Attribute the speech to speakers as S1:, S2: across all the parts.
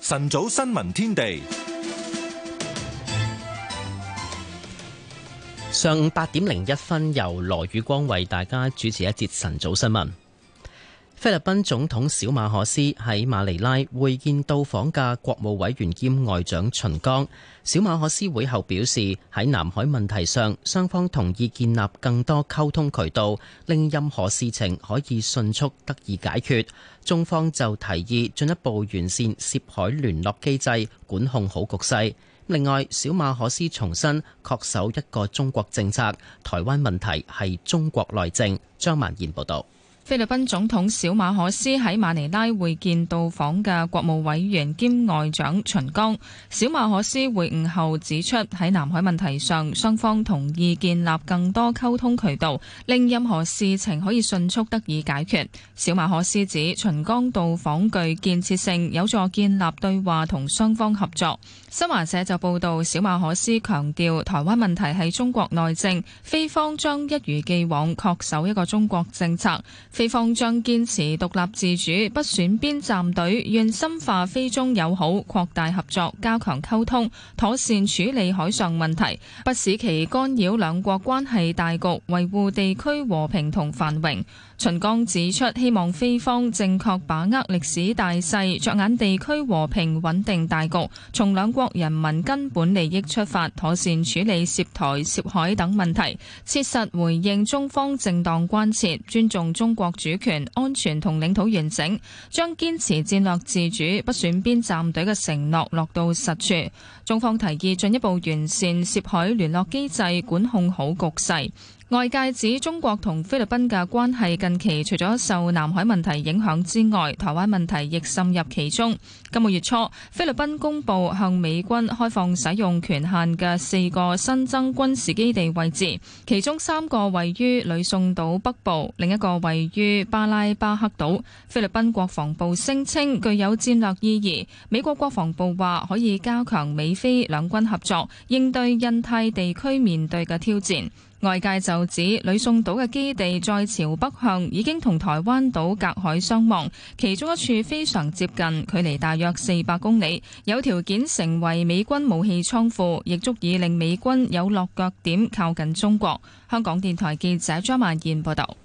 S1: 晨早新聞天地，
S2: 上午八點零一分，由羅宇光為大家主持一節晨早新聞。菲律賓總統小馬可斯喺馬尼拉會見到訪嘅國務委員兼外長秦剛。小馬可斯會後表示，喺南海問題上，雙方同意建立更多溝通渠道，令任何事情可以迅速得以解決。中方就提議進一步完善涉海聯絡機制，管控好局勢。另外，小馬可斯重申確守一個中國政策，台灣問題係中國內政。張曼燕報導。
S3: 菲律賓總統小馬可斯喺馬尼拉會見到訪嘅國務委員兼外長秦剛。小馬可斯會晤後指出，喺南海問題上，雙方同意建立更多溝通渠道，令任何事情可以迅速得以解決。小馬可斯指秦剛到訪具建設性，有助建立對話同雙方合作。新華社就報導，小馬可斯強調台灣問題係中國內政，菲方將一如既往恪守一個中國政策。菲方將堅持獨立自主、不選邊站隊，願深化菲中友好，擴大合作，加強溝通，妥善處理海上問題，不使其干擾兩國關係大局，維護地區和平同繁榮。秦剛指出，希望菲方正確把握歷史大勢，着眼地區和平穩定大局，從兩國人民根本利益出發，妥善處理涉台、涉海等問題，切實回應中方正當關切，尊重中國主權、安全同領土完整，將堅持戰略自主、不選邊站隊嘅承諾落到實處，中方提議進一步完善涉海聯絡機制，管控好局勢。外界指中國同菲律賓嘅關係近期除咗受南海問題影響之外，台灣問題亦滲入其中。今個月初，菲律賓公布向美軍開放使用權限嘅四個新增軍事基地位置，其中三個位於呂宋島北部，另一個位於巴拉巴克島。菲律賓國防部聲稱具有戰略意義。美國國防部話可以加強美菲兩軍合作，應對印太地區面對嘅挑戰。外界就指，呂宋島嘅基地再朝北向已經同台灣島隔海相望，其中一處非常接近，距離大約四百公里，有條件成為美軍武器倉庫，亦足以令美軍有落腳點靠近中國。香港電台記者張曼燕報道。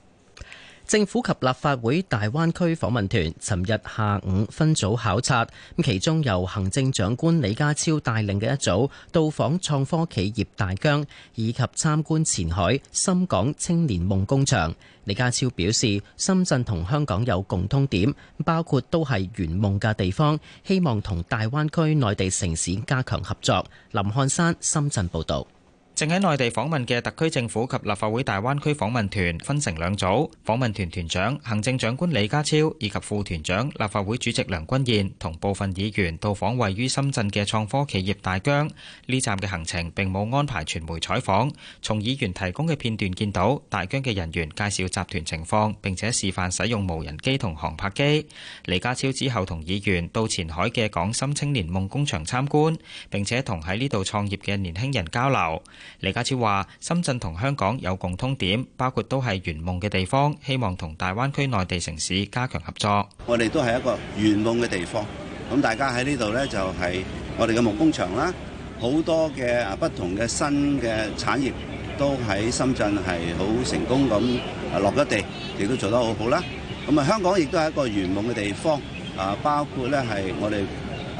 S3: 政府及
S2: 立法會大灣區訪問團尋日下午分組考察，其中由行政長官李家超帶領嘅一組到訪創科企業大疆，以及參觀前海深港青年夢工場。李家超表示，深圳同香港有共通點，包括都係圓夢嘅地方，希望同大灣區內地城市加強合作。林漢山，深圳報導。正喺內地
S4: 訪問嘅特區政府及立法會大灣區訪問團分成兩組，訪問團團長行政長官李家超以及副團長立法會主席梁君彥同部分議員到訪位於深圳嘅創科企業大疆。呢站嘅行程並冇安排傳媒採訪。從議員提供嘅片段見到，大疆嘅人員介紹集團情況，並且示範使用無人機同航拍機。李家超之後同議員到前海嘅港深青年夢工場參觀，並且同喺呢度創業嘅年輕人交流。李家超話：深圳同香港有共通點，包括都係圓夢嘅地方，希望同大灣區內地城市加強合作。
S5: 我哋都係一個圓夢嘅地方，咁大家喺呢度呢就係我哋嘅夢工場啦，好多嘅啊不同嘅新嘅產業都喺深圳係好成功咁啊落咗地，亦都做得好好啦。咁啊香港亦都係一個圓夢嘅地方，啊包括呢係我哋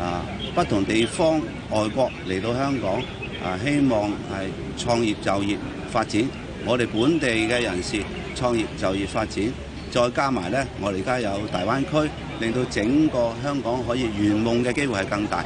S5: 啊不同地方外國嚟到香港。啊！希望係創業就業發展，我哋本地嘅人士創業就業發展，再加埋咧，我哋而家有大灣區，令到整個香港可以圓夢嘅機會係更大。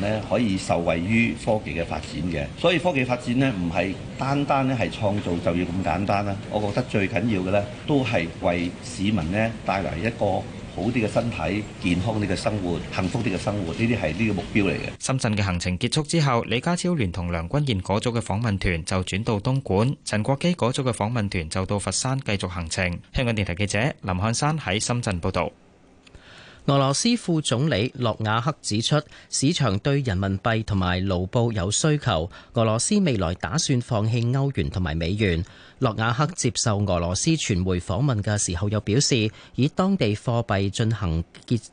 S5: 咧可以受惠於科技嘅發展嘅，所以科技發展呢唔係單單咧係創造就業咁簡單啦。我覺得最緊要嘅呢都係為市民呢帶嚟一個好啲嘅身體健康啲嘅生活、幸福啲嘅生活，呢啲係呢個目
S4: 標嚟嘅。深圳嘅行程結束之後，李家超聯同梁君彥嗰組嘅訪問團就轉到東莞，陳國基嗰組嘅訪問團就到佛山繼續行程。香港電台記者林漢山
S2: 喺深圳報道。俄羅斯副總理諾瓦克指出，市場對人民幣同埋盧布有需求。俄羅斯未來打算放棄歐元同埋美元。諾瓦克接受俄羅斯傳媒訪問嘅時候又表示，以當地貨幣進行結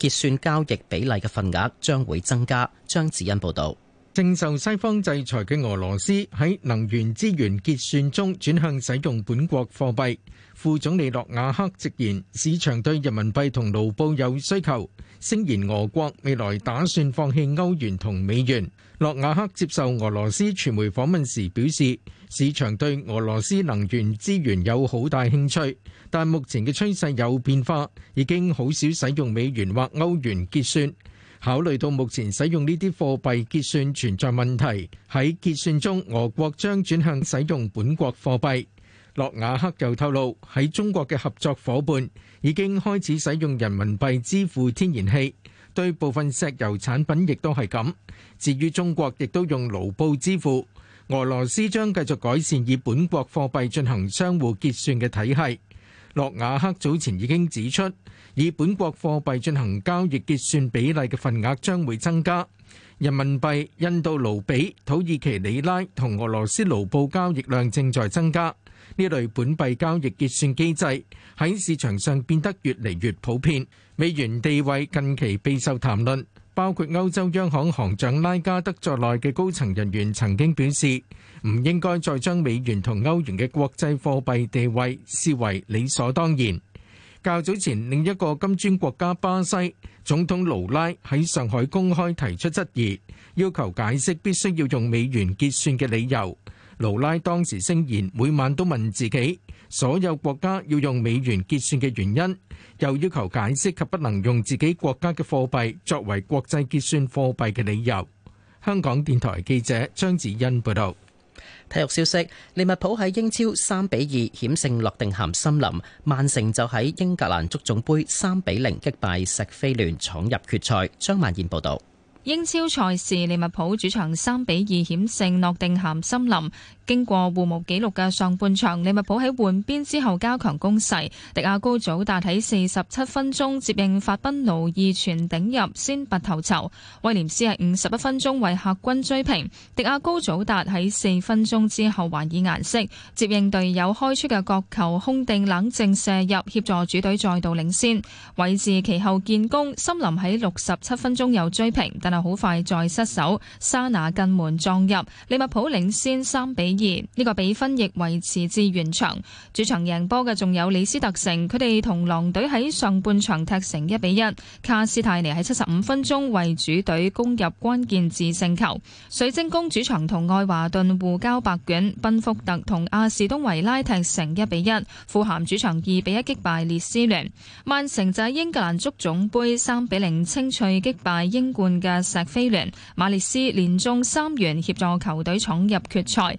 S2: 結算交易比例嘅份額將會
S1: 增加。張子欣報導。正受西方制裁嘅俄羅斯喺能源資源結算中轉向使用本國貨幣。副總理諾瓦克直言，市場對人民幣同盧布有需求，聲言俄國未來打算放棄歐元同美元。諾瓦克接受俄羅斯傳媒訪問時表示，市場對俄羅斯能源資源有好大興趣，但目前嘅趨勢有變化，已經好少使用美元或歐元結算。考慮到目前使用呢啲貨幣結算存在問題，喺結算中俄國將轉向使用本國貨幣。諾瓦克又透露，喺中國嘅合作伙伴已經開始使用人民幣支付天然氣，對部分石油產品亦都係咁。至於中國亦都用盧布支付，俄羅斯將繼續改善以本國貨幣進行相互結算嘅體系。諾瓦克早前已經指出，以本國貨幣進行交易結算比例嘅份額將會增加。人民幣、印度盧比、土耳其里拉同俄羅斯盧布交易量正在增加，呢類本幣交易結算機制喺市場上變得越嚟越普遍。美元地位近期備受談論。包括歐洲央行行長拉加德在內嘅高層人員曾經表示，唔應該再將美元同歐元嘅國際貨幣地位視為理所當然。較早前，另一個金磚國家巴西總統盧拉喺上海公開提出質疑，要求解釋必須要用美元結算嘅理由。盧拉當時聲言，每晚都問自己，所有國家要用美元結算嘅原因，又要求解釋及不能用自己國家嘅貨幣作為國際結算貨幣嘅理由。香港電台記者張子欣報導。體育消息：
S2: 利物浦喺英超三比二險勝諾定咸森林，曼城就喺英格蘭足總杯三比零擊敗錫菲聯，闖入決賽。張曼燕報導。
S3: 英超賽事，利物浦主場三比二險勝諾定咸森林。經過互無紀錄嘅上半場，利物浦喺換邊之後加強攻勢。迪亞高祖達喺四十七分鐘接應法賓奴二傳頂入，先拔頭籌。威廉斯喺五十一分鐘為客軍追平。迪亞高祖達喺四分鐘之後還以顏色，接應隊友開出嘅角球，空定冷靜射入，協助主隊再度領先。韋治其後建功，森林喺六十七分鐘又追平，但係好快再失手，沙拿近門撞入，利物浦領先三比。呢個比分亦維持至完場。主場贏波嘅仲有李斯特城，佢哋同狼隊喺上半場踢成一比一。卡斯泰尼喺七十五分鐘為主隊攻入關鍵致勝球。水晶宮主場同愛華頓互交白卷。賓福特同阿士東維拉踢成一比一。富咸主場二比一擊敗列斯聯。曼城就喺英格蘭足總杯三比零清脆擊敗英冠嘅石飛聯。馬列斯連中三元協助球隊闖入決賽。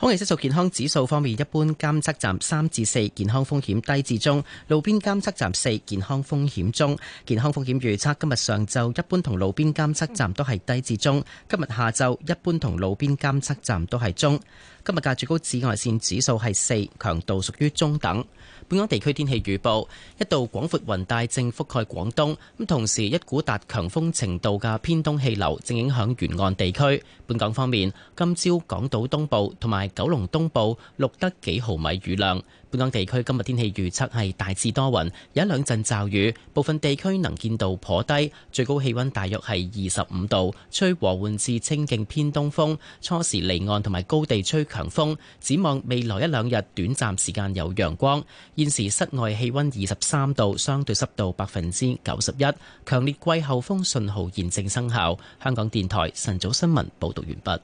S2: 空氣質素健康指數方面，一般監測站三至四，健康風險低至中；路邊監測站四，健康風險中。健康風險預測今日上晝一般同路邊監測站都係低至中，今日下晝一般同路邊監測站都係中。今日嘅最高紫外線指數係四，強度屬於中等。本港地區天氣預報，一道廣闊雲帶正覆蓋廣東，咁同時一股達強風程度嘅偏東氣流正影響沿岸地區。本港方面，今朝港島東部同埋九龍東部錄得幾毫米雨量。本港地區今日天氣預測係大致多雲，有一兩陣驟雨，部分地區能見度頗低，最高氣溫大約係二十五度，吹和緩至清勁偏東風，初時離岸同埋高地吹強風，展望未來一兩日，短暫時間有陽光。現時室外氣溫二十三度，相對濕度百分之九十一，強烈季候風信號現正生效。香港電台晨早新聞報道完畢。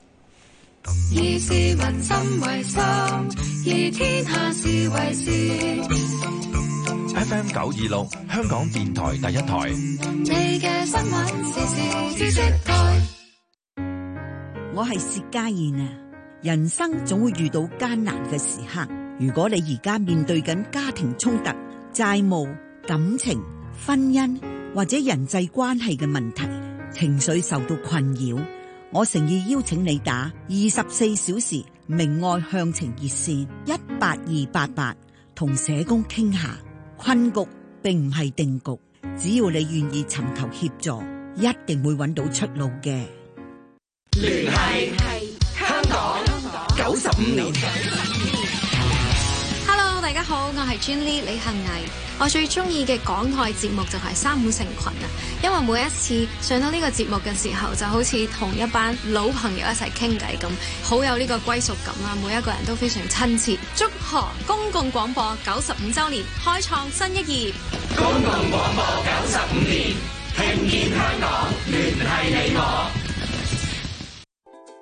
S3: 以市民心為心，以天下事
S1: 為事。F M 九二六，香港電台第一台。
S5: 我係薛家燕啊！人生總會遇到艱難嘅時刻。如果你而家面對緊家庭衝突、債務、感情、婚姻或者人際關係嘅問題，情緒受到困擾，我誠意邀請你打二十四小時明愛向晴熱線一八二八八，同社工傾下。困局並唔係定局，只要你願意尋求協助，一定會揾到出路嘅。
S3: 聯繫係香港九十五年。好，我係 Jenny 李幸倪。我最中意嘅港台節目就係三五成群啊，因為每一次上到呢個節目嘅時候，就好似同一班老朋友一齊傾偈咁，好有呢個歸屬感啊。每一個人都非常親切。祝賀公共廣播九十五周年，開創新一頁。公共
S2: 廣
S1: 播九十五年，聽見香港，聯繫你我。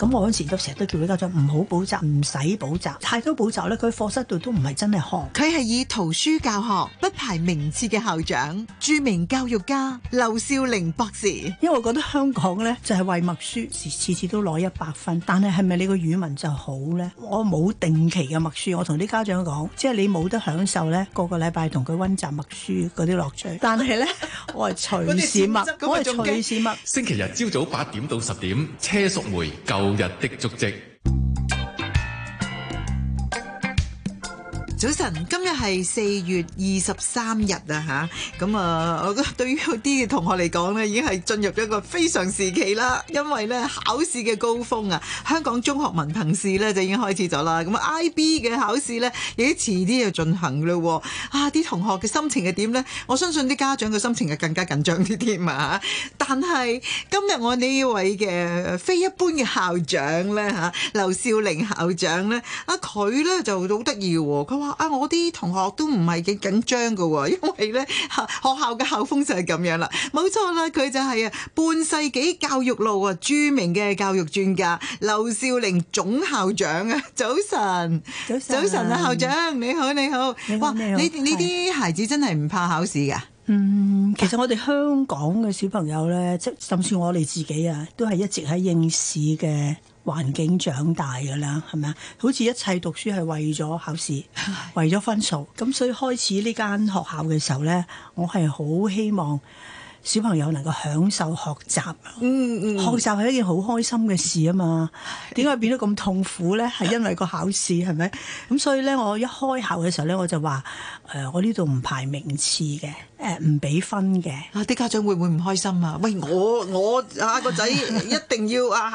S5: 咁我嗰時都成日都叫佢家長唔好補習，唔使補習太多補習咧，佢課室度都唔係真係學的。佢係以圖書教學，不排名次嘅校長，著名教育家劉少玲博士。因為我覺得香港咧就係為默書時，次次都攞一百分，但係係咪你個語文就好咧？我冇定期嘅默書，我同啲家長講，即係你冇得享受咧，個個禮拜同佢溫習默書嗰啲樂趣。但係咧，
S1: 我係隨時默， 我係隨時默。星期日朝早八點到十點，車淑梅舊日的足跡。
S5: 早晨，今日係四月二十三日啊，吓咁啊！我覺得對於有啲嘅同學嚟講咧，已經係進入咗一個非常時期啦，因為咧考試嘅高峰啊，香港中學文憑試咧就已經開始咗啦。咁 IB 嘅考試咧，已經遲啲就進行嘞。啊，啲同學嘅心情係點咧，我相信啲家長嘅心情係更加緊張啲添啊。但係今日我呢位嘅非一般嘅校長咧吓、啊、劉少玲校長咧啊，佢咧就好得意喎，佢話。啊！我啲同學都唔係幾緊張噶，因為咧學校嘅校風就係咁樣啦。冇錯啦，佢就係啊半世紀教育路啊，著名嘅教育專家劉少玲總校長啊，早晨，早晨早晨。啊早晨校長，你好你好，你好哇！你呢啲孩子真係唔怕考試噶。嗯，其實我哋香港嘅小朋友咧，即甚至我哋自己啊，都係一直喺應試嘅環境長大噶啦，係咪啊？好似一切讀書係為咗考試， 為咗分數。咁所以開始呢間學校嘅時候呢，我係好希望小朋友能夠享受學習。嗯。
S1: 嗯嗯，學習
S5: 係一件好開心嘅事啊嘛。點解變得咁痛苦呢？係因為個考試係咪？咁所以呢，我一開考開校嘅時候呢，我就話誒、呃，我呢度唔排名次嘅，誒唔俾分嘅。啊，啲家長會唔會唔開心啊？喂，我我啊個仔一定要啊。